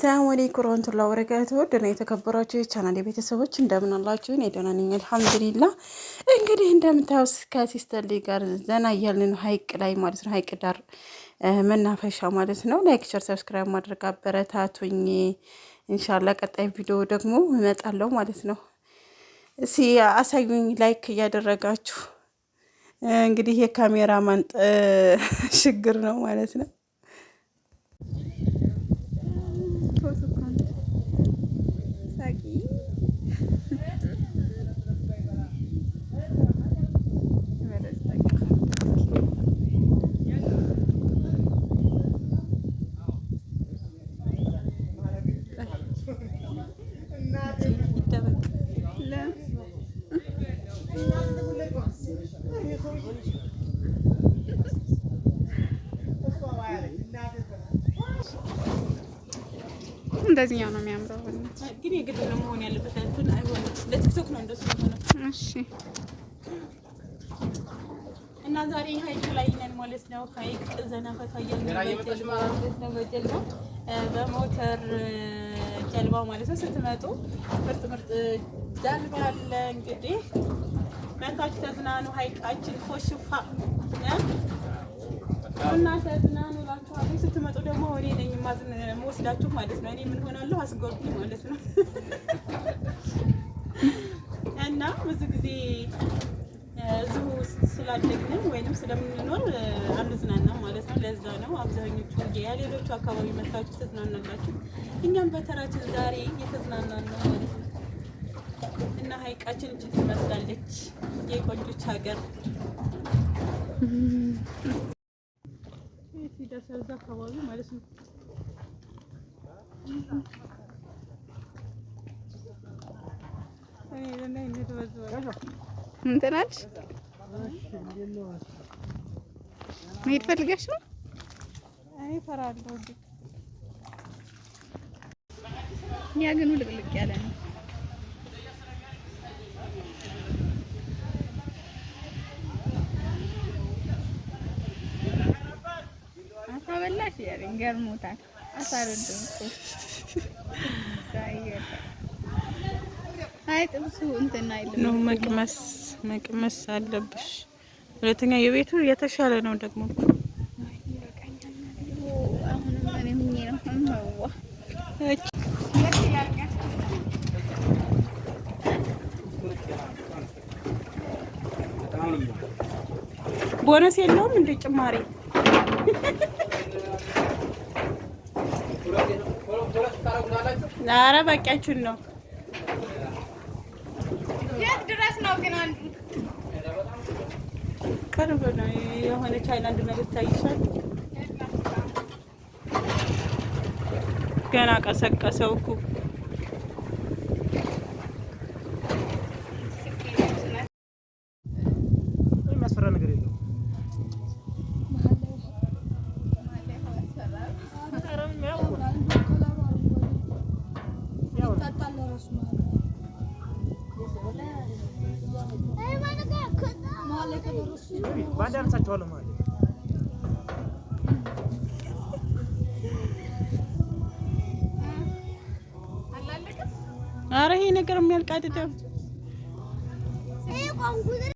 ሰላም አለይኩም ወራህመቱላሂ ወበረካቱ። ደህና የተከበራችሁ የቻናል ቤተሰቦች እንደምን አላችሁ? እኔ ደህና ነኝ አልሐምዱሊላህ። እንግዲህ እንደምታውስ ከሲስተር ልጅ ጋር ዘና እያልን ነው፣ ሀይቅ ላይ ማለት ነው፣ ሀይቅ ዳር መናፈሻ ማለት ነው። ላይክ፣ ሸር፣ ሰብስክራይብ ማድረግ አበረታቱኝ። ኢንሻአላህ ቀጣይ ቪዲዮ ደግሞ እመጣለሁ ማለት ነው። እሺ አሳዩኝ፣ ላይክ እያደረጋችሁ እንግዲህ የካሜራማን ችግር ነው ማለት ነው። እንደዚህኛው ነው የሚያምረው። ግን የግድ ነው መሆን ያለበት። ለቲክቶክ ነው እንደሱ የሆነው። እሺ። እና ዛሬ ሀይቅ ላይ ነን ማለት ነው። ሀይቅ ዘና ፈታ በሞተር ጀልባ ማለት ነው። ስትመጡ ምርጥ ምርጥ ጀልባ አለ እንግዲህ መታች ተዝናኑ። ሀይቃችን ኮሽፋ እና ተዝናኑ እላችኋለሁ። ስትመጡ ደግሞ እኔ ነኝ የምወስዳችሁ ማለት ነው። እኔ ምን ሆናለሁ አስጎብኝ ማለት ነው። እና ብዙ ጊዜ እዚሁ ስላደግንም ወይንም ስለምንኖር አንዝናናም ማለት ነው። ለዛ ነው አብዛኞቹ ሌሎቹ አካባቢ መታችሁ ተዝናናላችሁ። እኛም በተራችን ዛሬ እየተዝናናን ነው ማለት ነው። እና ሀይቃችን እጅ ትመስላለች የቆንጆች ሀገር። የት ይደርሳል? እዛ አካባቢ ማለት ነው። እንትን መሄድ ፈልገሽ ነው? እፈራለሁ። ያ ግን ውልቅልቅ ያለ ነው። በላሽ ያለኝ ገርሞታል። አሳርድም እኮ አይ ጥብሱ እንትን አይልም ነው መቅመስ መቅመስ አለብሽ። ሁለተኛ የቤቱ የተሻለ ነው ደግሞ እኮ ቦነስ የለውም እንደ ጭማሬ? ኧረ በቂያችሁን ነው። የት ድረስ ነው ግን? አንዱ ቅርብ ነው። የሆነች ሃይላንድ ነገር ታይሻል። ገና ቀሰቀሰው እኮ የሚያስፈራ ነገር የለውም። አደርሳቸዋለሁ ማለት ነው። ኧረ ይሄ ነገር የሚያልቅ